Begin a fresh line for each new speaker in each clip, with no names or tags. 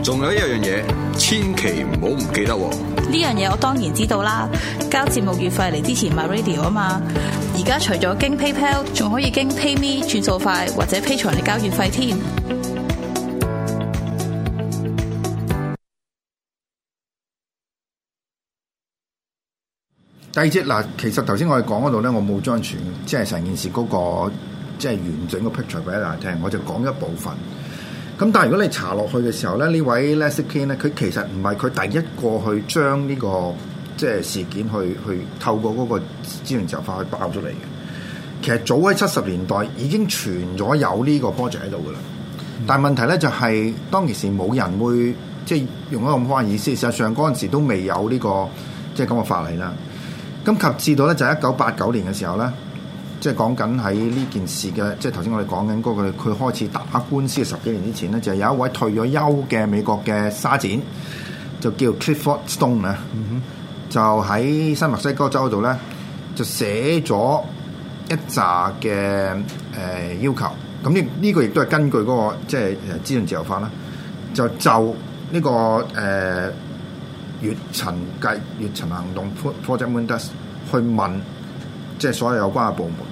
仲有一樣嘢，千祈唔好唔記得喎。呢樣嘢我當然知道啦，交節目月費嚟之前 m radio 啊嘛。而家除咗經 PayPal，仲可以經 PayMe 轉數快或者 Pay 財嚟交月費添。 第二節嗱，其實頭先我哋講嗰度咧，我冇將全即係成件事嗰、那個即係、就是、完整嘅 picture 俾大家聽，我就講一部分。咁但係如果你查落去嘅時候咧，呢位 Leslie King 咧，佢其實唔係佢第一個去將呢、這個即係事件去去透過嗰個資源就化去爆出嚟嘅。其實早喺七十年代已經存咗有呢個 project 喺度噶啦，但係問題咧就係，當其時冇人會即係用一個咁嘅意思。事實上嗰陣時都未有呢、這個即係咁嘅法例啦。咁及至到咧就係一九八九年嘅時候咧。即係講緊喺呢件事嘅，即係頭先我哋講緊嗰個，佢開始打官司嘅十幾年之前咧，就係有一位退咗休嘅美國嘅沙展，就叫 Clifford Stone 啊、mm，hmm，就喺新墨西哥州度咧，就寫咗一紮嘅誒要求。咁呢，呢個亦都係根據、嗰個即係誒資訊自由法啦。就，就呢、呢個誒、呃、月塵計月塵行動 Project Mendes 去問，即係所有有關嘅部門。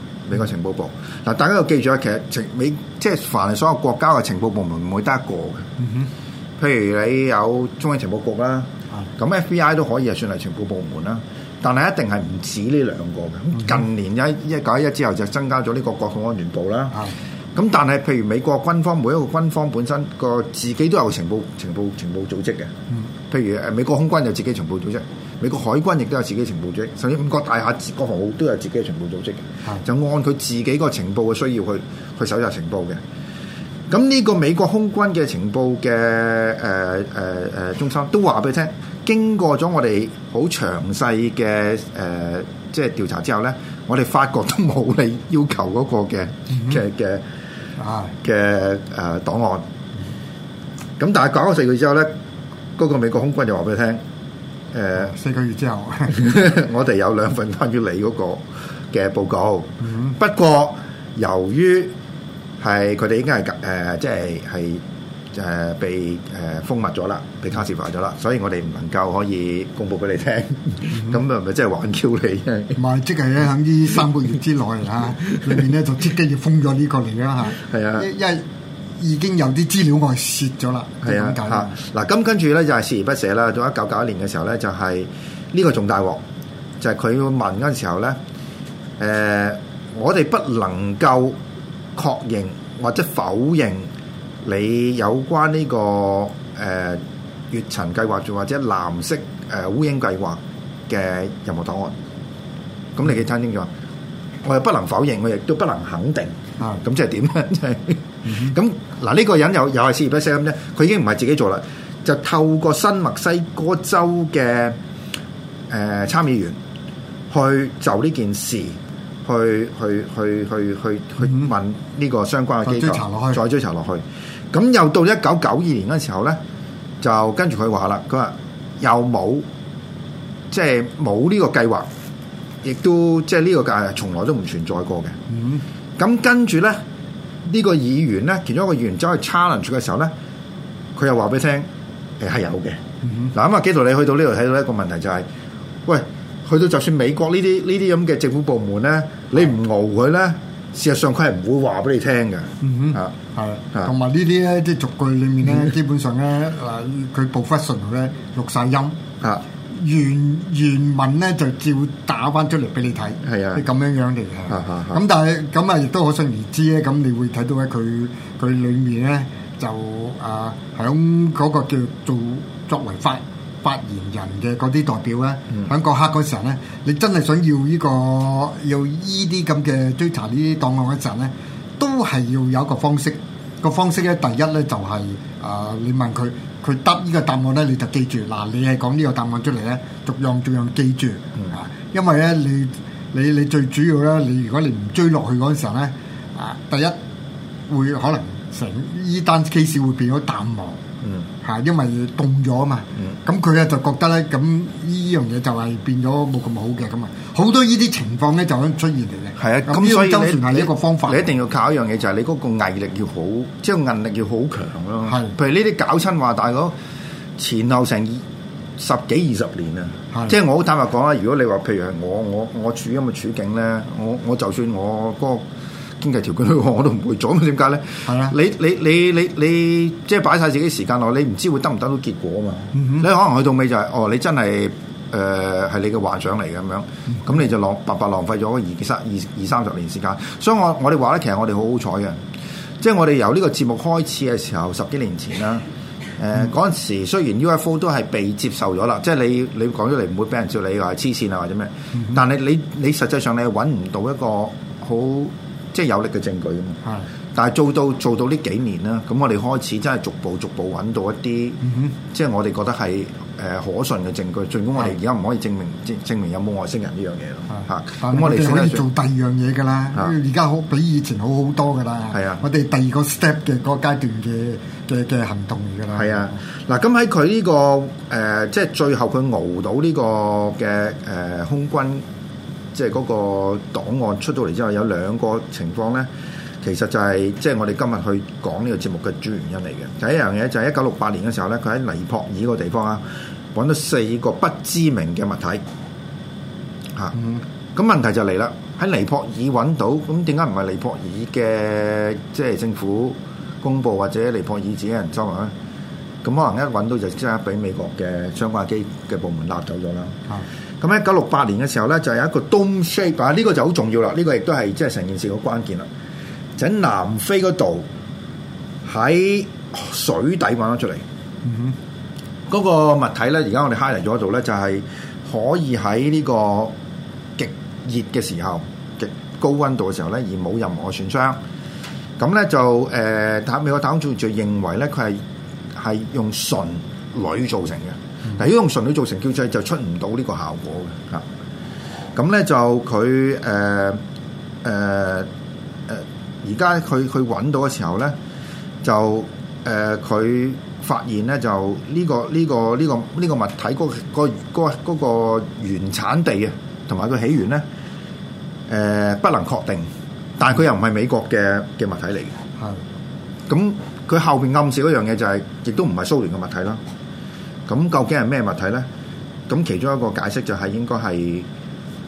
美國情報部嗱，大家要記住啊，其實美即係凡係所有國家嘅情報部門唔會得一個嘅。哼，譬如你有中央情報局啦，咁 FBI 都可以係算係情報部門啦。但係一定係唔止呢兩個嘅。咁近年一一九一一之後就增加咗呢個國土安全部啦。咁但係譬如美國軍方每一個軍方本身個自己都有情報情報情報組織嘅。譬如誒美國空軍有自己情報組織。美國海軍亦都有自己嘅情報組織，甚至五角大廈各航都有自己嘅情報組織嘅，啊、就按佢自己個情報嘅需要去去蒐集情報嘅。咁呢個美國空軍嘅情報嘅誒誒誒中心都話俾你聽，經過咗我哋好詳細嘅誒、呃、即係調查之後咧，我哋發覺都冇你要求嗰個嘅嘅啊嘅誒檔案。咁但係搞咗四個月之後咧，嗰、嗰個美國空軍就話俾你聽。誒四個月之後， 我哋有兩份關於你嗰個嘅報告。 不過由於係佢哋已經係誒，即係係誒被誒封密咗啦，被卡視化咗啦，所以我哋唔能夠可以公布俾你聽。咁 啊、嗯，係咪真係玩 Q 你？
唔係，即係咧，喺呢三個月之內啊，裏 面咧就即刻要封咗呢個嚟啦嚇。係啊，因為。已經有啲資料我係泄
咗啦，係的的啊嚇。嗱咁、啊、跟住咧就係、是、鍥而不捨啦。到一九九一年嘅時候咧，就係、是、呢個重大鑊，就係、是、佢問嗰陣時候咧，誒、呃，我哋不能夠確認或者否認你有關呢、這個誒、呃、月塵計劃，仲或者藍色誒、呃、烏蠅計劃嘅任務檔案。咁、嗯、你嘅餐廳就話，我哋不能否認，我亦都不能肯定。啊、嗯，咁即係點咧？即係。咁嗱，呢、嗯、個人又又係事業不息咁咧，佢已經唔係自己做啦，就透過新墨西哥州嘅誒參議員去就呢件事，去去去去去去，去問呢個相關嘅機構，再追查落去。咁又到一九九二年嘅時候咧，就跟住佢話啦，佢話又冇，即係冇呢個計劃，亦都即係呢個計劃從來都唔存在過嘅。嗯哼，咁跟住咧。呢個議員咧，其中一個議員走去 challenge 嘅時候咧，佢又話俾你聽，誒、哎、係有嘅。嗱咁、嗯、哼啊，紀陶，你去到呢度睇到一個問題就係、是，喂，去到就算美國呢啲呢啲咁嘅政府部門咧，啊、你唔熬佢咧，事實上佢係唔會話俾你聽嘅。嗯哼，嚇，係啊，
同埋呢啲咧啲逐句裡面咧，嗯、基本上咧嗱，佢 broadcast 咧錄晒音。 原原文咧就照打翻出嚟俾你睇，係啊，咁樣樣嚟嘅。咁但係咁啊，亦都、啊、可想而知咧。咁你會睇到喺佢佢裏面咧，就啊，響、呃、嗰個叫做作為發發言人嘅嗰啲代表咧，響嗰、嗯、刻嗰時候咧，你真係想要呢、呢個要依啲咁嘅追查呢啲檔案嗰陣咧，都係要有一個方式。個方式咧，第一咧就係、是、啊、呃，你問佢。佢得呢個答案咧，你就記住嗱、啊，你係講呢個答案出嚟咧，逐樣逐樣記住，啊、嗯，因為咧你你你最主要咧，你如果你唔追落去嗰陣時咧，啊，第一會可能成呢單 case 會變咗淡忘。嗯，嚇，因為凍咗啊嘛，咁佢咧就覺得咧，咁呢樣嘢就係變咗冇咁好嘅咁的啊，好多呢啲情況咧就咁出現嚟嘅。係啊，咁所以，所以你一個
方法你你一定要靠一樣嘢，就係、是、你嗰個毅力要好，即、就、係、是、韌力要好強咯、啊。係的，譬如呢啲搞親話，大佬前後成十幾二十年啊，的即係我好坦白講啊，如果你話譬如係我我我處咁嘅處境咧，我我，我，我就算我、那個。經濟條件咧，我都唔會做咁，點解咧？係是啊你！你你你你你，即係擺晒自己時間落，你唔知會得唔得到結果啊嘛！嗯、哼 你可能去到尾就係、是、哦，你真係誒係你嘅幻想嚟嘅咁樣，咁、嗯、哼 你就浪白白浪費咗二三二二三十年時間。所以我我哋話咧，其實我哋好好彩嘅，即係我哋由呢個節目開始嘅時候十幾年前啦，誒嗰陣時雖然 UFO 都係被接受咗啦，即係你你講出嚟唔會俾人照你話黐線啊或者咩，但係你你你實際上、嗯、哼 你係揾唔到一個好。即係有力嘅證據啊嘛，係，但係做到做到呢幾年啦，咁我哋開始真係逐步逐步揾到一啲，即係我哋覺得係誒可信嘅證據。儘管我哋而家唔可以證明證明有冇外星人呢樣嘢咯，嚇。咁我哋可以做
第二樣嘢㗎啦。而家好比以前好好多㗎啦。係啊，我哋第二個 step 嘅個階段嘅嘅嘅行動嚟㗎啦。係
啊，嗱，咁喺佢呢個誒，即係最後佢熬到呢個嘅誒空軍。即係嗰個檔案出到嚟之後，有兩個情況咧，其實就係、是、即係我哋今日去講呢個節目嘅主要原因嚟嘅。第一樣嘢就係一九六八年嘅時候咧，佢喺尼泊爾個地方啊，揾到四個不知名嘅物體嚇。咁、嗯啊、問題就嚟啦，喺尼泊爾揾到，咁點解唔係尼泊爾嘅即係政府公布或者尼泊爾自己人收埋？咁可能一揾到就即刻俾美國嘅相關嘅機嘅部門攞走咗啦。嗯咁喺一九六八年嘅時候咧，就係有一個 dome shape，啊呢個就好重要啦，呢、這個亦都係即係成件事嘅關鍵啦。就喺、是、南非嗰度喺水底揾咗出嚟，嗰、嗯、哼個物體咧，而家我哋 highlight 咗度咧，就係、是、可以喺呢個極熱嘅時候、極高温度嘅時候咧，而冇任何損傷。咁咧就誒，坦、呃、美國太空總署就認為咧，佢係係用純鋁造成嘅。嗱，如果、嗯、用純水做成，叫做就出唔到呢個效果嘅嚇。咁咧就佢誒誒誒，而家佢佢揾到嘅時候咧，就誒佢、呃、發現咧就呢、呢個呢、呢個呢、呢個呢、呢個物體嗰、嗰個嗰個嗰個嗰個原產地啊，同埋個起源咧誒、呃、不能確定，但係佢又唔係美國嘅嘅物體嚟嘅。係，咁佢後邊暗示嗰樣嘢就係、係，亦都唔係蘇聯嘅物體啦。咁究竟係咩物體咧？咁其中一個解釋就係應該係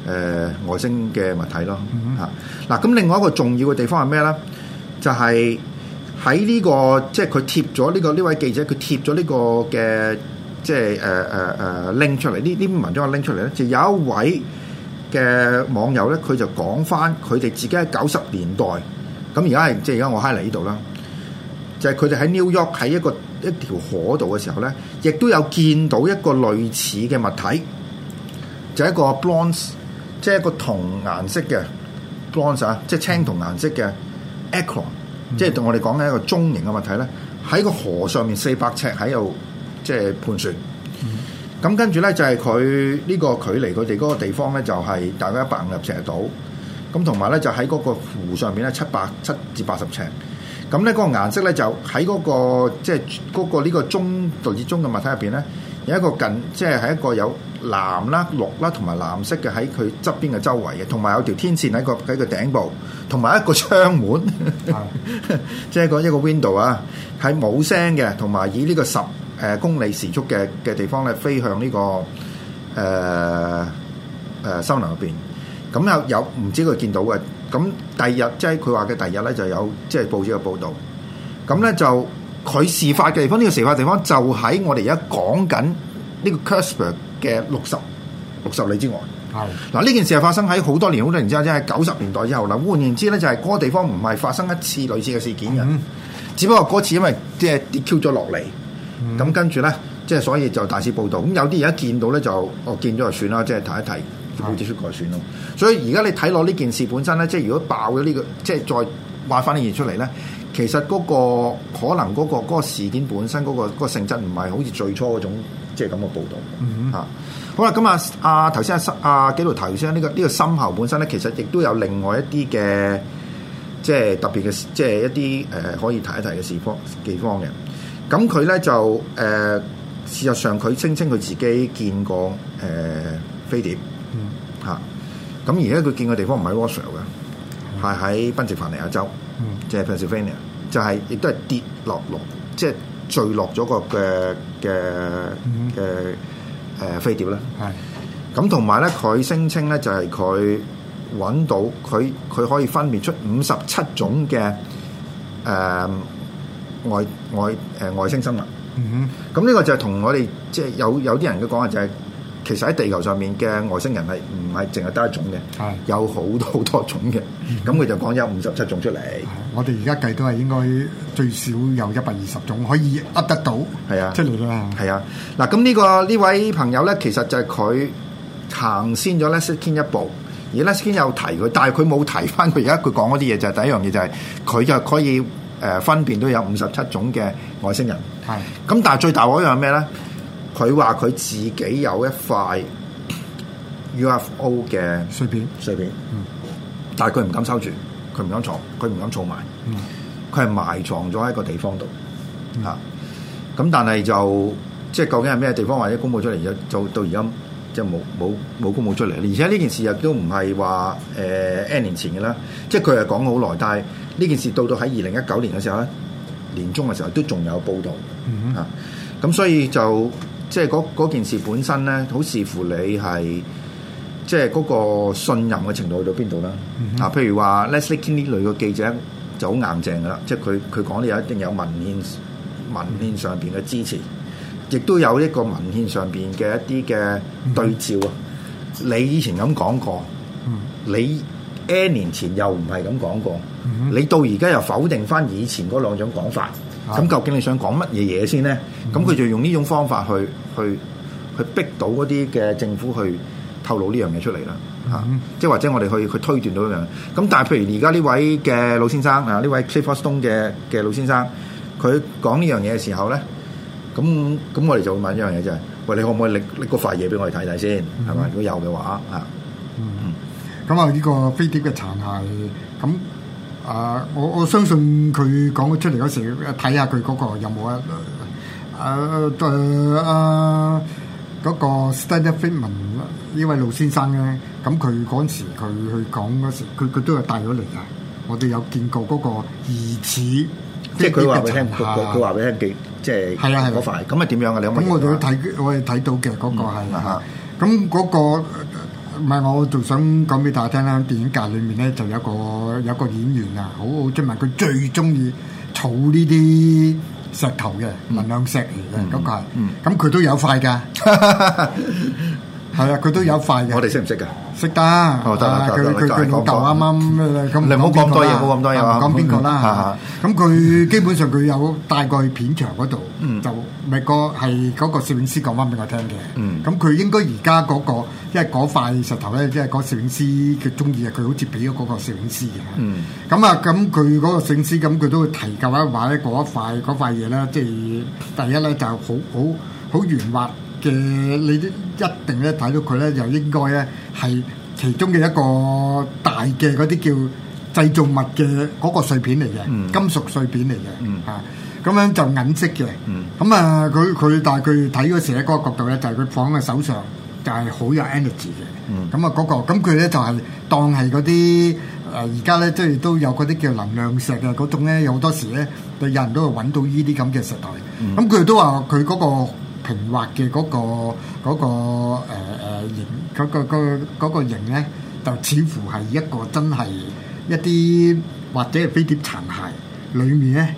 誒外星嘅物體咯。嚇、嗯嗯！嗱，咁另外一個重要嘅地方係咩咧？就係喺呢個，即係佢貼咗呢個呢位記者，佢貼咗呢個嘅，即係誒誒誒拎出嚟呢啲文章拎出嚟咧，就有一位嘅網友咧，佢就講返佢哋自己喺九十年代，咁而家係即係而家我喺嚟呢度啦，就係佢哋喺 New York 喺一個。一條河度嘅時候咧，亦都有見到一個類似嘅物體，就係、是、一個 bronze，即係一個銅顏色嘅 bronze 啊，即係青銅顏色嘅 acorn 即係同我哋講嘅一個中型嘅物體咧，喺個河上面四百尺喺度即係盤旋。咁、嗯、跟住咧就係佢呢個距離佢哋嗰個地方咧就係、是、大概一百五十尺度。咁同埋咧就喺嗰個湖上面咧七百七至八十尺。700, 咁咧個顏色咧就喺嗰個即係嗰個呢個鐘原子鐘嘅物體入邊咧，有一個近即係喺一個有藍啦、綠啦同埋藍色嘅喺佢側邊嘅周圍嘅，同埋有條天線喺個喺佢頂部，同埋一個窗門，即係一個一個 window 啊，係冇聲嘅，同埋以呢個十誒公里時速嘅嘅地方咧飛向呢個誒誒森林入邊，咁有有唔知佢見到嘅。咁第二日即係佢話嘅第二日咧，就有即係報紙嘅報導。咁咧就佢事發嘅地方，呢、這個事發地方就喺我哋而家講緊呢個 Casper 嘅六十六十里之外。係嗱的，呢件事係發生喺好多年、好多年之後，即係九十年代之後啦。換言之咧，就係、是、嗰個地方唔係發生一次類似嘅事件嘅，嗯、只不過嗰次因為即係跌 Q 咗落嚟，咁、就是就是嗯、跟住咧，即、就、係、是、所以就大肆報導。咁有啲而家見到咧，就我見咗就算啦，即係睇一睇。會就冇出改選咯，所以而家你睇落呢件事本身咧，即係如果爆咗呢、這個，即係再挖翻啲嘢出嚟咧，其實嗰、那個可能嗰、那個嗰、那個事件本身嗰、那個嗰、那個、性質唔係好似最初嗰種，即係咁嘅報道。嚇、嗯嗯。好啦，咁、嗯、啊啊頭先啊阿紀陶頭先呢個呢、這個深喉本身咧，其實亦都有另外一啲嘅，即係特別嘅，即係一啲誒、呃、可以提一提嘅事方記方嘅。咁佢咧就誒、呃、事實上佢聲稱佢自己見過誒、呃、飛碟。嗯，吓，咁而家佢見嘅地方唔係 Russia 嘅，係喺賓夕凡尼亞州，即係 Pennsylvania，就係亦都係跌落落，即係墜落咗個嘅嘅嘅誒飛碟啦。係、嗯，咁同埋咧，佢聲稱咧就係佢搵到佢佢可以分辨出五十七種嘅誒、呃、外外誒、呃、外星生物。咁呢、嗯嗯、個就係同我哋即係有有啲人嘅講話就係、是。其實喺地球上面嘅外星人係唔係淨係得一種嘅，的有好多好多種嘅。咁佢就講有五十七種出嚟。
我哋而家計都係應該最少有一百二十種可以噏得
到。係啊的，出嚟啦。係啊，嗱咁呢個呢位朋友咧，其實就係佢行先咗 Laskin 一步，而 Laskin 有提佢，但係佢冇提翻佢。而家佢講嗰啲嘢就係第一樣嘢就係佢就可以誒分辨到有五十七種嘅外星人。係的。咁 但係最大嗰樣係咩咧？佢話佢自己有一塊 UFO 嘅碎片，碎片，但係佢唔敢收住，佢唔敢藏，佢唔敢儲埋，佢係、嗯、埋藏咗喺個地方度、嗯、啊。咁但係就即係究竟係咩地方，或者公佈出嚟？而家就到而家即係冇冇冇公佈出嚟。而且呢件事亦都唔係話誒 N 年前嘅啦，即係佢係講好耐，但係呢件事到到喺二零一九年嘅時候咧，年中嘅時候都仲有報道、嗯、啊。咁所以就即係嗰件事本身咧，好視乎你係即係嗰個信任嘅程度去到邊度啦。嗱、嗯哼，譬如話，Leslie Kean 呢類嘅記者就好硬淨噶啦，即係佢佢講嘅，有一定有文獻文獻上邊嘅支持，亦都有一個文獻上邊嘅一啲嘅對照啊。嗯、哼你以前咁講過，嗯、哼你 N 年前又唔係咁講過，嗯、哼你到而家又否定翻以前嗰兩種講法。咁、啊、究竟你想講乜嘢嘢先咧？咁佢、嗯、就用呢種方法去去去逼到嗰啲嘅政府去透露呢樣嘢出嚟啦，嚇、嗯啊！即係或者我哋去去推斷到咁樣咁、啊、但係譬如而家呢位嘅老先生啊，呢位 c h r i s t o n e 嘅嘅老先生，佢、啊、講呢樣嘢嘅時候咧，咁、啊、咁我哋就會問一樣嘢就係：喂、啊，你可唔可以拎搦個塊嘢俾我哋睇睇先？係嘛、嗯？如果有嘅話
啊，嗯，咁啊呢個飛碟嘅殘骸咁。啊！我我相信佢講咗出嚟嗰時，睇下佢嗰個有冇啊？誒誒誒，嗰個 Stanton Friedman 呢位老先生咧，咁佢嗰時佢去講嗰時，佢佢都係帶咗嚟嘅。我哋有見過嗰個疑似，即
係佢話俾我聽，佢佢話俾我聽幾，即
係係啊係啊，嗰塊咁係點樣啊？兩位咁我哋睇我哋睇到嘅嗰個係啊，咁嗰個。唔係，我仲想講俾大家聽啦！電影界裏面咧，就有一個有一個演員啊，好好出名。佢最中意儲呢啲石頭嘅能量石嚟嘅，咁佢咁佢都有塊㗎。 係啊，佢都有塊嘅。我哋識唔識噶？識得。得佢佢老豆啱啱咁。你唔好講多嘢，唔好講咁多嘢啊！講邊個啦？咁佢基本上佢有帶過去片場嗰度，就咪個係嗰個攝影師講翻俾我聽嘅。咁佢應該而家嗰個，即係嗰塊石頭咧，即係嗰攝影師佢中意啊，佢好似俾咗嗰個攝影師咁啊，咁佢嗰個攝影師咁，佢都會提及一話咧，嗰一塊嗰塊嘢咧，即係第一咧就好好好圓滑。嘅你都一定咧睇到佢咧，又應該咧係其中嘅一個大嘅嗰啲叫製造物嘅嗰個碎片嚟嘅，嗯、金屬碎片嚟嘅，嚇咁、嗯啊、樣就銀色嘅。咁啊、嗯，佢佢但係佢睇嗰時喺嗰個角度咧，就係佢放喺手上就、嗯嗰個，就係好有 energy 嘅。咁、呃、啊，嗰個咁佢咧就係當係嗰啲誒而家咧，即係都有嗰啲叫能量石啊。嗰種咧，有好多時咧，就有人都會揾到呢啲咁嘅石頭。咁佢、嗯嗯、都話佢嗰個。平滑嘅嗰、那個嗰、那個誒誒、呃、形，嗰、那個那個那個形咧，就似乎係一個真係一啲或者係飛碟殘骸裏面咧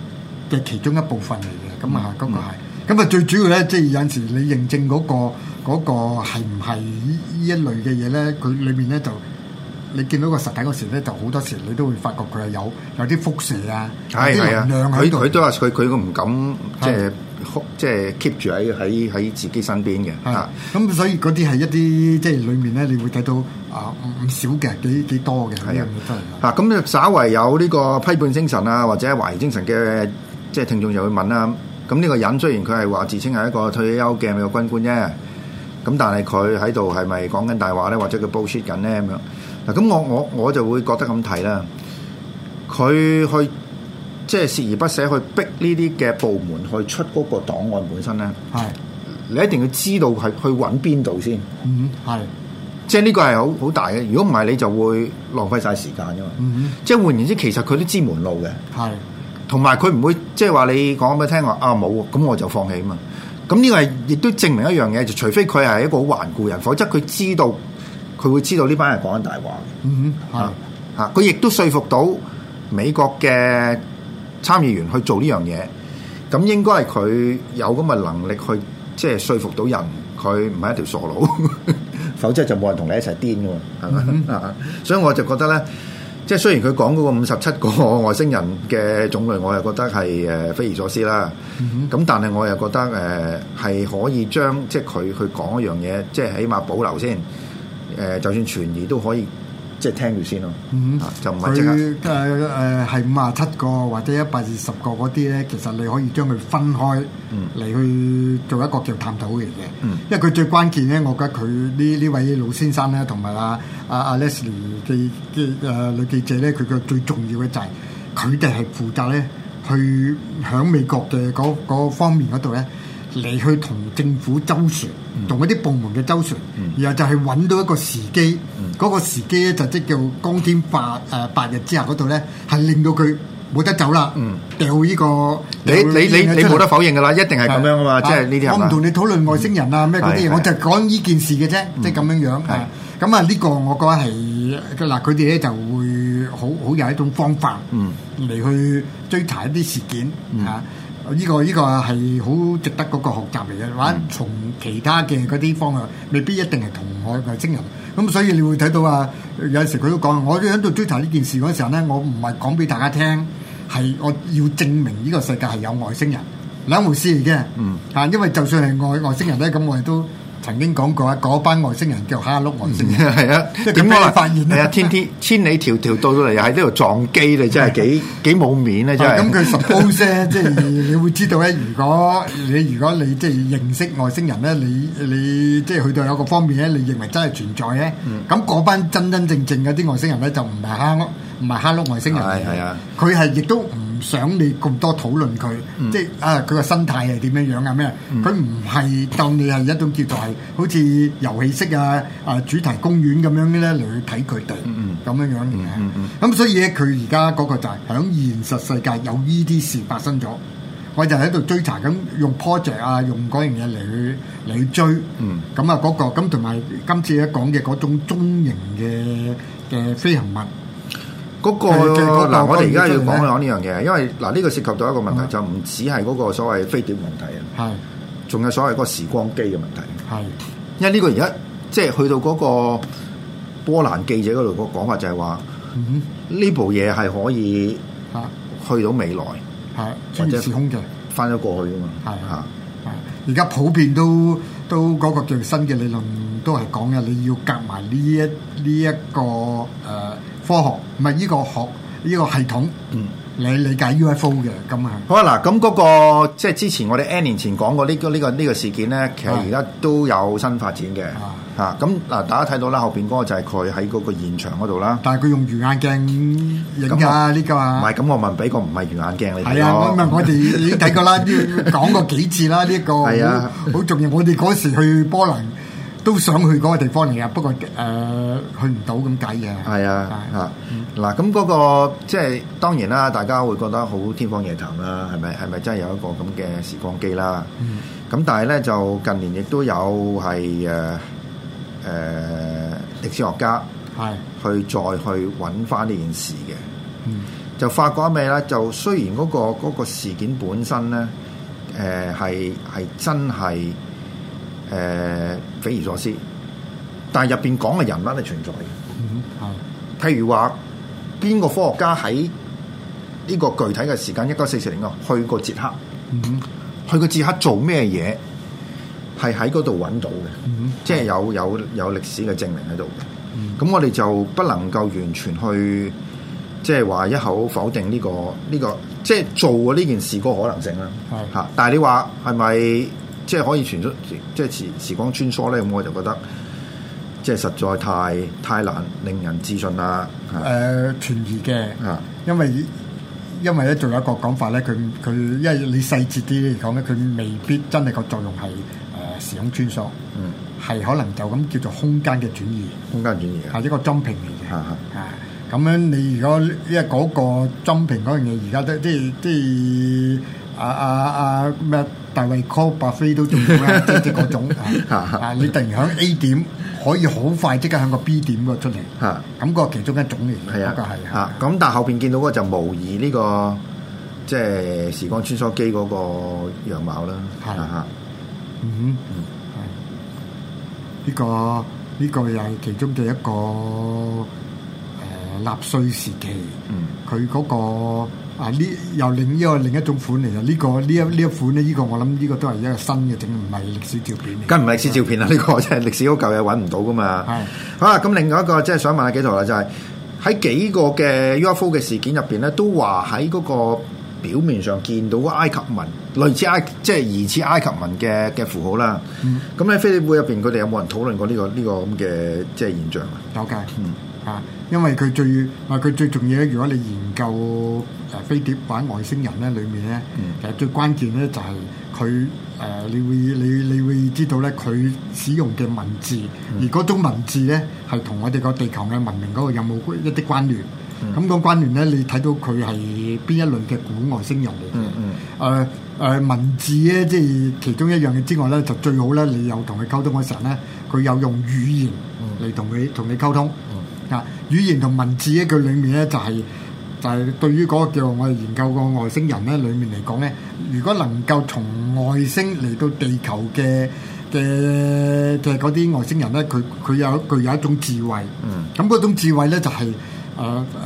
嘅其中一部分嚟嘅。咁啊、嗯，嗰個係。咁啊，最主要咧，即係有陣時你認證嗰、那個嗰係唔係呢一類嘅嘢咧，佢裏面咧就你見到個實體嗰時咧，就好多時你都會發覺佢係有有啲輻射啊，啲能量喺度。佢
都話佢佢唔敢即係。就是即係 keep 住喺喺喺自己身邊嘅，
嚇，咁所以嗰啲係一啲即係裏面咧，你會睇到啊唔少嘅幾幾多嘅係的啊，
嚇，咁你稍為有呢個批判精神啊，或者懷疑精神嘅即係聽眾就會問啦、啊。咁呢個人雖然佢係話自稱係一個退休嘅美國軍官啫，咁但係佢喺度係咪講緊大話咧，或者佢包説緊咧咁樣嗱？咁我我我就會覺得咁睇啦，佢去。即係鍥而不捨去逼呢啲嘅部門去出嗰個檔案本身咧，係你一定要知道係去揾邊度先，嗯，係，即係呢個係好好大嘅。如果唔係，你就會浪費晒時間㗎嘛。即係換言之，其實佢都知門路嘅，係，同埋佢唔會即係話你講俾聽話啊冇，咁我就放棄啊嘛。咁呢個係亦都證明一樣嘢，就除非佢係一個好頑固人，否則佢知道佢會知道呢班人講緊大話嘅，嗯，吓吓，佢亦都說服到美國嘅。參議員去做呢樣嘢，咁應該係佢有咁嘅能力去，即係說服到人，佢唔係一條傻佬， 否則就冇人同你一齊癲嘅喎，係嘛？ 所以我就覺得咧，即係雖然佢講嗰個五十七個外星人嘅種類，我又覺得係誒匪夷所思啦。咁 但係我又覺得誒係可以將即係佢去講一樣嘢，即係起碼保留先。誒，就算存疑都可以。即係聽住先咯。嗯，就唔係即
刻。佢誒誒係五啊七個或者一百二十個嗰啲咧，其實你可以將佢分開嚟、嗯、去做一個叫探討嘅嘢。嗯，因為佢最關鍵咧，我覺得佢呢呢位老先生咧，同埋阿、啊、阿阿、啊、Leslie 記記誒、呃、女記者咧，佢嘅最重要嘅就係佢哋係負責咧，去響美國嘅嗰方面嗰度咧。嚟去同政府周旋，同一啲部門嘅周旋，然後就係揾到一個時機，嗰個時機咧就即叫光天化誒白日之下嗰度咧，係令到佢冇得走啦。嗯，掉呢個你你你你冇得否認噶啦，一定係咁樣噶嘛，即係呢啲。我唔同你討論外星人啊咩嗰啲嘢，我就係講呢件事嘅啫，即係咁樣樣啊。咁啊，呢個我覺得係嗱，佢哋咧就會好好有一種方法嚟去追查一啲事件啊。呢個呢個係好值得嗰個學習嚟嘅，或者從其他嘅嗰啲方向，未必一定係同外外星人。咁所以你會睇到啊，有陣時佢都講，我喺度追查呢件事嗰時候咧，我唔係講俾大家聽，係我要證明呢個世界係有外星人兩回事嚟嘅。嗯，嚇，因為就算係外外星人咧，咁我哋都。曾經講過啊，嗰班外星人叫蝦碌外
星人。係、嗯、啊，點解嚟發現咧？係啊，啊，天天千里迢迢到到嚟又喺呢度撞機，你真係幾幾冇面咧，真係。咁佢
suppose 即係你會知道咧，如果你如果你即係認識外星人咧，你你，你即係去到有個方面咧，你認為真係存在咧，咁嗰班真真正正嘅啲外星人咧就唔係蝦碌。唔係 Hello 外星人，係係啊！佢係亦都唔想你咁多討論佢，嗯、即係啊佢個心態係點樣樣啊咩？佢唔係當你係一種叫做係好似遊戲式啊啊主題公園咁樣咧嚟去睇佢哋咁樣樣嘅。咁、嗯嗯嗯嗯、所以咧，佢而家嗰個就係喺現實世界有呢啲事發生咗，我就喺度追查，咁用 project 啊，用嗰樣嘢嚟去嚟去追。咁啊嗰個咁同埋今次咧講嘅嗰種中型嘅嘅飛行物。嗰嗱，我哋而家要講一講呢樣嘢，因
為嗱呢個涉及到一個問題，就唔止係嗰個所謂飛碟問題啊，係，仲有所謂嗰個時光機嘅問題，係，因為呢個而家即係去到嗰個波蘭記者嗰度個講法就係話，呢部嘢係可以嚇去到未來，係或者時空嘅翻咗過去啊嘛，係啊，
而家普遍都都嗰個最新嘅理論。都係講嘅，你要夾埋呢一呢一個誒科學，唔係呢個學呢個系統，你理解 UFO 嘅
咁啊？好啊，咁嗰個即係之前我哋 N 年前講過呢個呢個呢個事件咧，其實而家都有新發展嘅嚇。咁嗱，大家睇到啦，後邊嗰個就係佢喺嗰個現場嗰度啦。但係佢用魚眼鏡影㗎呢個。唔係，咁我問俾個唔係魚眼鏡你睇咯。係啊，我問我哋已經睇過啦，
講過幾次啦呢個。係啊，好重要。我哋嗰時去波蘭。都想去嗰個地方嚟嘅，不過誒、呃、去唔到咁解嘅。
係啊，嚇嗱、啊，咁嗰、啊嗰個即係當然啦，大家會覺得好天方夜譚啦，係咪？係咪真係有一個咁嘅時光機啦？咁、嗯、但係咧，就近年亦都有係誒誒歷史學家係去再去揾翻呢件事嘅。嗯、就發覺咩咧？就雖然嗰、嗰個嗰個事件本身咧，誒係係真係。誒、呃，匪夷所思，但係入邊講嘅人物係存在嘅。
嗯，
譬如話邊個科學家喺呢個具體嘅時間一九四四年去過捷克，嗯、哼去過捷克做咩嘢？係喺嗰度揾到嘅，嗯、即係有有有歷史嘅證明喺度嘅。咁、嗯、哼我哋就不能夠完全去即係話一口否定呢、這個呢、這個，即係做過呢件事個可能性啦。吓的，但係你話係咪？即係可以傳出即係時時光穿梭咧，咁我就覺得即係實在太太難令人置信啦。
誒、呃，傳移嘅，因為因為咧仲有一個講法咧，佢佢因為你細節啲嚟講咧，佢未必真係個作用係時空穿梭，係、嗯、可能就咁叫做空間嘅轉移，空間轉移是啊，係一個針平嚟嘅，嚇嚇嚇。咁樣你如果因為嗰個針平嗰樣嘢，而家都即係即係阿阿阿咩？呃呃呃呃大衞 call 巴菲特都仲要啦嗰種， 種 啊？啊！你突然喺 A 點可以好快即刻喺個 B 點嗰度出嚟，咁個其中一種嚟嘅。係啊，
咁但後邊見到嗰就模擬呢、這個即係、就是、時光穿梭機嗰個樣貌啦。係 啊，嗯哼，
呢個呢、這個又係其中嘅一個誒納稅時期。
嗯，
佢嗰個。啊！呢又另一個另一種款嚟嘅，呢、這個呢一呢一款咧，依、這個我諗呢個都係一個新嘅，整唔係歷史照片。
梗唔係歷史照片啦，呢、 這個真係歷史好舊嘢，揾唔到噶嘛。係是。好啦，咁另外一個即係想問下紀陶啦，就係、是、喺幾個嘅 UFO 嘅事件入邊咧，都話喺嗰個表面上見到埃及文類似埃即係疑似埃及文嘅嘅符號啦。咁喺菲律浦入邊，佢哋有冇人討論過呢個呢個咁嘅即係現象啊？有嘅、嗯，
啊！因為佢最啊，佢最重要咧。如果你研究誒飛碟或者外星人咧，裏面咧，其實最關鍵咧就係佢誒，你會你你會知道咧，佢使用嘅文字，嗯、而嗰種文字咧係同我哋個地球嘅文明嗰個有冇一啲關聯？咁個、嗯、關聯咧，你睇到佢係邊一類嘅古外星人嚟嘅？誒誒、嗯嗯呃呃，文字咧，即係其中一樣嘢之外咧，就最好咧，你有同佢溝通嘅時候咧，佢有用語言嚟同你同你、嗯、溝通。啊！語言同文字咧，佢裏面咧就係就係對於嗰個叫我哋研究個外星人咧，裏面嚟講咧，如果能夠從外星嚟到地球嘅嘅嘅嗰啲外星人咧，佢佢有具有一種智慧，mm. 嗯，咁嗰種智慧咧就係誒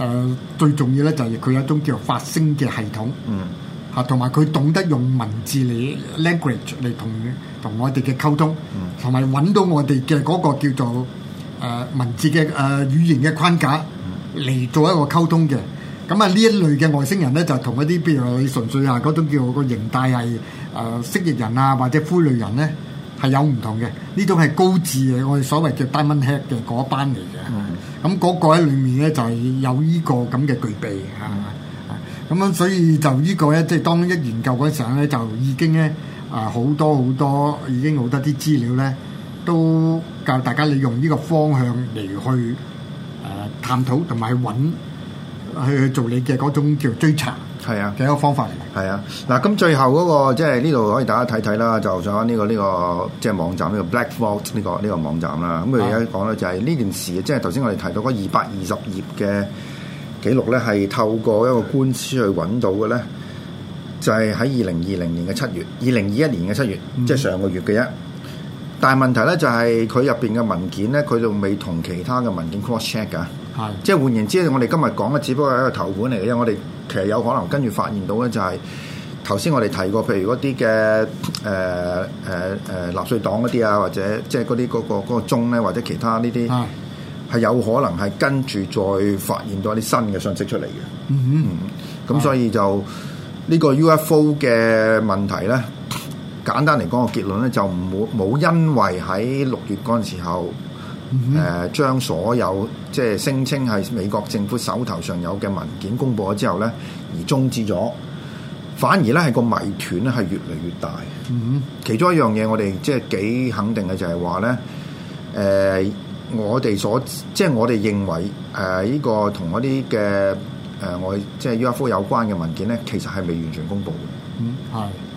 誒最重要咧就係佢有一種叫做發聲嘅系統，嗯，嚇，同埋佢懂得用文字嚟 language 嚟同同我哋嘅溝通，同埋揾到我哋嘅嗰個叫做。誒、呃、文字嘅誒、呃、語言嘅框架嚟、嗯、做一個溝通嘅，咁啊呢一類嘅外星人咧就同一啲譬如你純粹啊嗰種叫做個形態係誒、呃、蜥蜴人啊或者灰類人咧係有唔同嘅，呢種係高智嘅，我哋所謂嘅 demonhead 嘅嗰班嚟嘅。咁嗰、嗯嗯那個喺裏面咧就係、是、有呢個咁嘅具備嚇。咁樣、嗯啊嗯、所以就呢、這個咧即係當一研究嗰時候咧就已經咧啊好多好多已經好多啲資料咧。都教大家你用呢個方向嚟去誒探討同埋揾去去做你嘅嗰種
叫追查，係啊，一個方法嚟嘅。係啊，嗱咁、啊、最後嗰、嗰個即係呢度可以大家睇睇啦，就上呢、呢個呢、呢個即係、就是、網站呢、呢個 Black Vault 呢、呢個呢、呢個網站啦。咁佢而家講咧就係呢件事，即係頭先我哋提到嗰二百二十頁嘅記錄咧，係透過一個官司去揾到嘅咧，就係喺二零二零年嘅七月，二零二一年嘅七月，嗯、即係上個月嘅啫。但係問題咧就係佢入邊嘅文件咧，佢就未同其他嘅文件 cross check 㗎。係，是的 即係換言之，我哋今日講嘅只不過係一個頭盤嚟嘅。因為我哋其實有可能跟住發現到咧、就是，就係頭先我哋提過，譬如嗰啲嘅誒誒誒納粹黨嗰啲啊，或者即係嗰啲嗰個嗰、那個那個、鐘咧，或者其他呢啲係有可能係跟住再發現到一啲新嘅信息出嚟嘅。嗯咁哼、嗯、所以就呢個 UFO 嘅問題咧。簡單嚟講個結論咧，就唔冇冇因為喺六月嗰陣時候，誒、嗯哼呃、將所有即係聲稱係美國政府手頭上有嘅文件公佈咗之後咧，而中止咗，反而咧係個謎團咧係越嚟越大。嗯、哼其中一樣嘢我哋即係幾肯定嘅就係話咧，誒、呃、我哋所即係我哋認為誒依、呃這個同嗰啲嘅誒我即係 UFO 有關嘅文件咧，其實係未完全公佈嘅。嗯，係、嗯。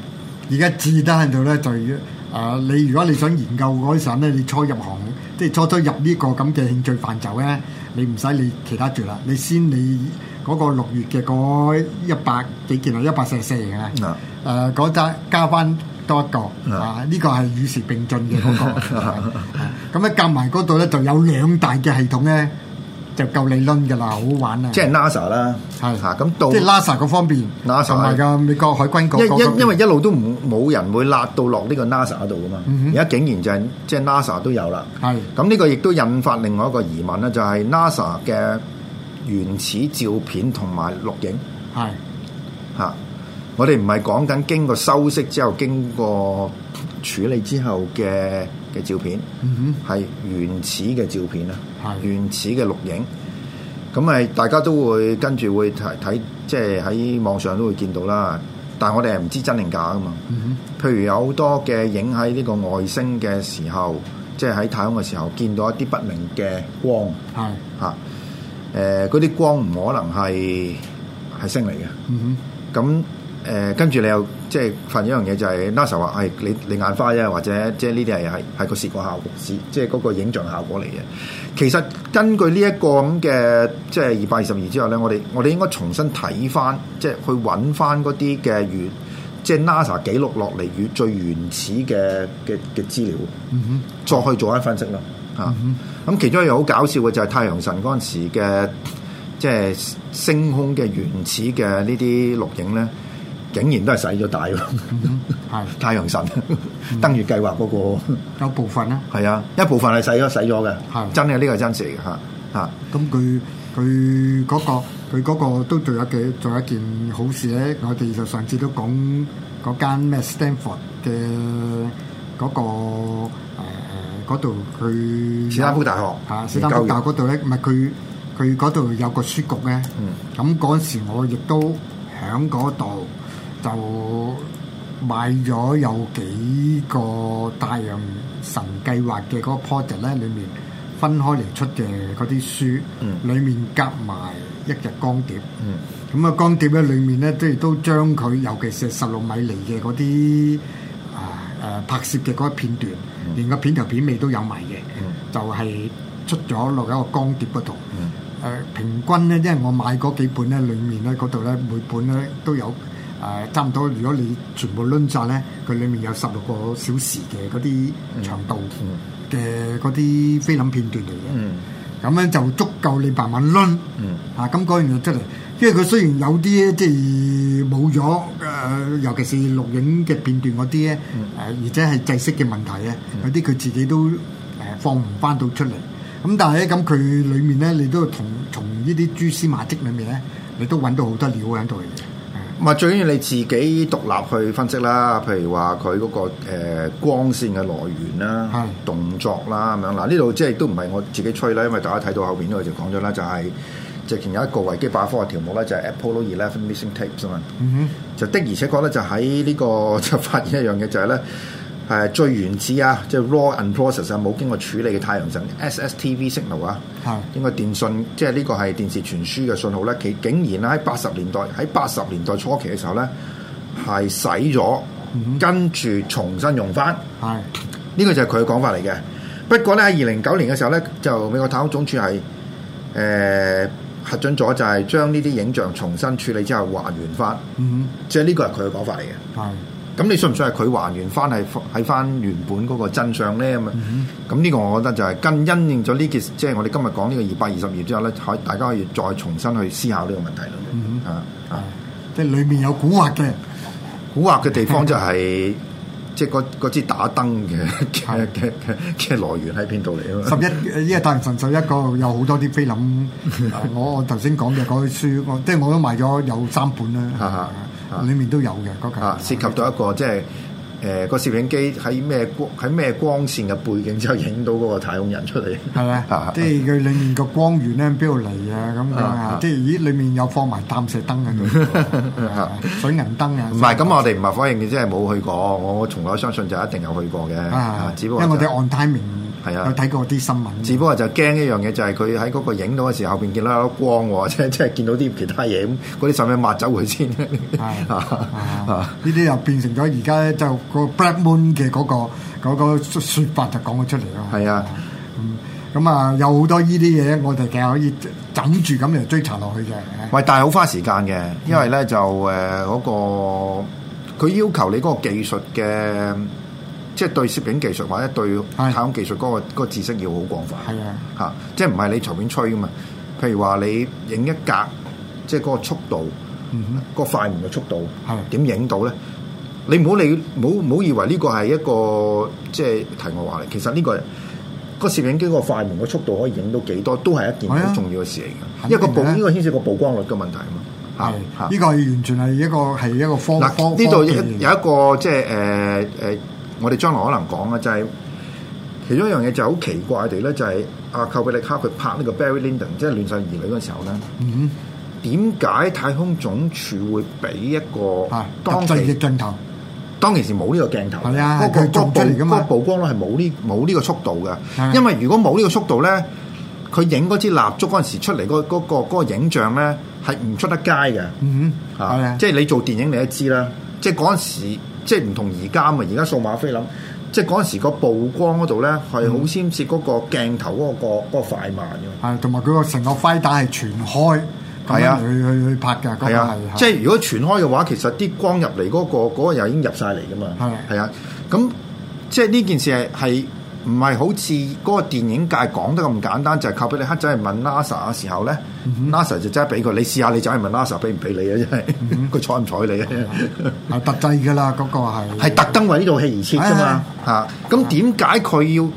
而家至得喺度咧，就誒、是呃、你如果你想研究嗰陣咧，你初入行，即係初初入呢個咁嘅興趣範疇咧，你唔使理其他住啦，你先你嗰個六月嘅嗰一百幾件啊，一百四十四嘅誒嗰得加翻多一個啊，呢、呃呢個係與時並進嘅嗰、嗰個，咁咧夾埋嗰度咧就有兩大嘅系統咧。就夠你撚㗎啦，好玩是啊！即係 NASA 啦，係嚇，咁到即係 NASA 嗰方面，同埋噶美國海軍局，因因因
為一路都冇人會揦到落呢個 NASA 度噶嘛，而家、嗯、哼竟然就係、是、即係 NASA 都有啦，係咁呢個亦都引發另外一個疑問啦，就係、是、NASA 嘅原始照片同埋錄影係嚇是、啊，我哋唔係講緊經過修飾之後、經過處理之後嘅。嘅照片，係、mm hmm. 原始嘅照片啦，的原始嘅錄影，咁係大家都會跟住會睇睇，即係喺網上都會見到啦。但係我哋係唔知真定假噶嘛？嗯哼、mm，hmm. 譬如有好多嘅影喺呢個外星嘅時候，即係喺太空嘅時候見到一啲不明嘅光，係嚇、mm，誒嗰啲光唔可能係係星嚟嘅，嗯哼、mm，咁、hmm. 誒、呃、跟住你又。即係發現一樣嘢就係 NASA 話係，哎，你你眼花啫，或者即係呢啲係係係個視覺效果，視即係嗰個影像效果嚟嘅。其實根據呢一個咁嘅即係二百二十二之後咧，我哋我哋應該重新睇翻，即、就、係、是、去揾翻嗰啲嘅原即係、就是、NASA 記錄落嚟原最原始嘅嘅嘅資料，嗯、哼再去做一分析咯。啊，咁、嗯、其中一樣好搞笑嘅就係太陽神嗰陣時嘅即係星空嘅原始嘅呢啲錄影咧。竟然都係洗咗大咯，係太陽神登月計劃嗰個有部分咧，係啊，一部分係洗咗，洗咗嘅係真嘅，呢個係真事嚟嘅嚇嚇。
咁佢佢嗰個佢嗰個都做咗幾做一件好事咧。我哋就上次都講嗰間咩 Stanford 嘅嗰個誒誒嗰度，佢史丹福大
學嚇，史丹福大學嗰
度咧，唔係佢佢嗰度有個書局咧，
嗯，
咁嗰時我亦都喺嗰度。就買咗有幾個太陽神計劃嘅嗰個 project 咧，裡面分開嚟出嘅嗰啲書，裡面夾埋一隻光碟。咁啊、嗯，光碟咧裡面咧，即係都將佢，尤其是十六米釐嘅嗰啲啊誒、啊、拍攝嘅嗰片段，嗯、連個片頭片尾都有埋嘅。嗯、就係出咗落一個光碟嗰度。誒、嗯呃，平均咧，因為我買嗰幾本咧，裡面咧嗰度咧，每本咧都有。誒、啊、差唔多，如果你全部攣晒咧，佢裡面有十六個小時嘅嗰啲長度嘅嗰啲菲林片段嚟嘅，咁咧、嗯、就足夠你慢慢攣。嗯、啊，咁嗰樣就出嚟，因為佢雖然有啲即係冇咗，誒、呃、尤其是錄影嘅片段嗰啲咧，誒、嗯啊、而且係制式嘅問題咧，有啲佢自己都誒放唔翻到出嚟。咁、嗯、但係咧，咁佢裡面咧，你都同從呢啲蛛絲馬跡裏面咧，你都揾到好多料喺
度。咁啊，最緊要你自己獨立去分析啦。譬如話佢嗰個、呃、光線嘅來源啦，動作啦咁樣。嗱，呢度即係都唔係我自己吹啦，因為大家睇到後邊呢，咧就講咗啦，就係之前有一個維基百科嘅條目咧，就係、是、Apollo Eleven Missing Tape 啊嘛。就的而且確咧，就喺呢個就發現一樣嘢，就係咧。係最原始啊，即係 raw unprocessed 冇經過處理嘅太陽神 SSTV signal 啊的，應該電信即係呢個係電視傳輸嘅信號咧，佢竟然咧喺八十年代喺八十年代初期嘅時候咧係洗咗，跟住重新用翻，呢的個就係佢嘅講法嚟嘅。不過咧喺二零九年嘅時候咧，就美國太空總署係誒、呃、核准咗，就係將呢啲影像重新處理之後還原翻，即係呢個係佢嘅講法嚟嘅。咁你信唔信係佢還原翻係喺翻原本嗰個真相咧？咁啊，咁呢個我覺得就係更因應咗呢件，即係我哋今日講呢個二百二十頁之後咧，可大家可以再重新去思考呢個問題咯。啊啊，即係裡面有古惑嘅古惑嘅地方就係即係嗰支打燈嘅嘅嘅嘅來源喺邊度嚟啊？十一
呢個大神秀一個有好多啲菲林，我我頭先講嘅嗰啲書，我即係我都買咗有三
本啦。裡面都有嘅，啊，涉及到一個即係誒個攝影機喺咩光喺咩光線嘅背景之後影到嗰個太空人出嚟，係啦，即係
佢裡面個光源咧邊度嚟啊？
咁樣啊，即係咦裡面有放埋探射燈嘅，水
銀燈啊，唔係，咁我哋
唔係否認，即係冇去過，我從來相信就一定有去過嘅，只不過因為我哋 on timing。係啊，有睇過啲新聞。只不過就驚一樣嘢，就係佢喺嗰個影到嘅時候，後邊見到有光喎，啊，即即係見到啲其他嘢，咁嗰啲實咩抹走佢先。
呢啲又變成咗而家就個 Black Moon 嘅嗰個嗰個說法就講咗出嚟咯。係啊，咁啊，嗯、有好多呢啲嘢，我哋嘅可以整住咁嚟追查落去嘅。
喂，但係好花時間嘅，因為咧，嗯、就誒嗰，呃嗰個佢要求你嗰個技術嘅。即係對攝影技術或者對太空技術嗰個知識要好廣泛，係啊，嚇！即係唔係你隨便吹噶嘛？譬如話你影一格，即係嗰個速度，嗯，個快門嘅速度，係點影到咧？你唔好你唔唔好以為呢個係一個即係題外話嚟，其實呢個個攝影機個快門嘅速度可以影到幾多，都係一件好重要嘅事嚟嘅。因為個曝呢個牽涉個曝光率嘅問題啊嘛，係係呢
個完全係一個係一個方方。呢度有
一個即係誒誒。我哋將來可能講嘅就係、是、其中一樣嘢，就好奇怪哋咧，就係阿寇比力卡佢拍呢個 Barry Lyndon，即係亂世兒女嗰時候咧，點解、嗯嗯、太空總署會俾一個當其嘅鏡頭？啊、當其時冇呢個鏡頭，係啊、嗯，那個、個,個速度、個曝光咧係冇呢、冇呢個速度嘅。因為如果冇呢個速度咧，佢影嗰支蠟燭嗰陣時出嚟嗰嗰個影像咧係唔出得街嘅。嗯，嚇、嗯，嗯、即係你做電影你都知啦，即係嗰陣時。即係唔同而家嘛，而家數碼菲林，即係嗰陣時個曝光嗰度咧係好先涉嗰個鏡頭嗰、嗰個嗯、個快慢嘅。
係，同埋佢個成個快打係全開，
咁啊，去
去、啊、去拍㗎。係啊，啊。即係
如果全開嘅話，其實啲光入嚟嗰個又已經入晒嚟㗎嘛。係，係啊，咁、啊、即係呢件事係係。唔係好似嗰個電影界講得咁簡單，就係靠俾你黑仔去問 NASA 嘅時候咧，NASA 就即係俾佢。你試下你走去問 NASA，俾唔俾你啊？真係佢睬唔睬你啊？係特製㗎啦，嗰個係係特登為呢套戲而設㗎嘛嚇。咁點解佢要？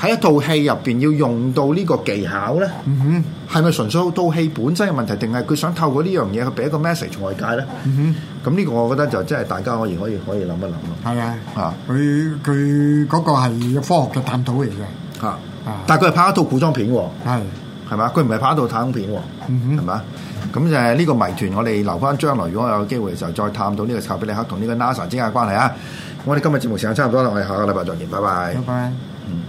喺一套戲入邊要用到呢個技巧咧，係咪、嗯、哼純粹套戲本身嘅問題，定係佢想透過呢樣嘢去俾一個 message 外界咧？咁呢、嗯、哼個我覺得就即係大家可以可以可以諗一諗咯。係的啊，啊，佢佢嗰個係科學嘅探討嚟嘅，啊但係佢係拍一套古裝片喎、啊，係係嘛，佢唔係拍一套太空片喎、啊，係嘛、嗯哼，咁就係呢個謎團，我哋留翻將來如果有機會嘅時候再探到呢個巢俾你嚇，同呢個 NASA 之間嘅關係啊！我哋今日節目時間差唔多啦，我哋下個禮拜再見，拜拜。拜拜。嗯。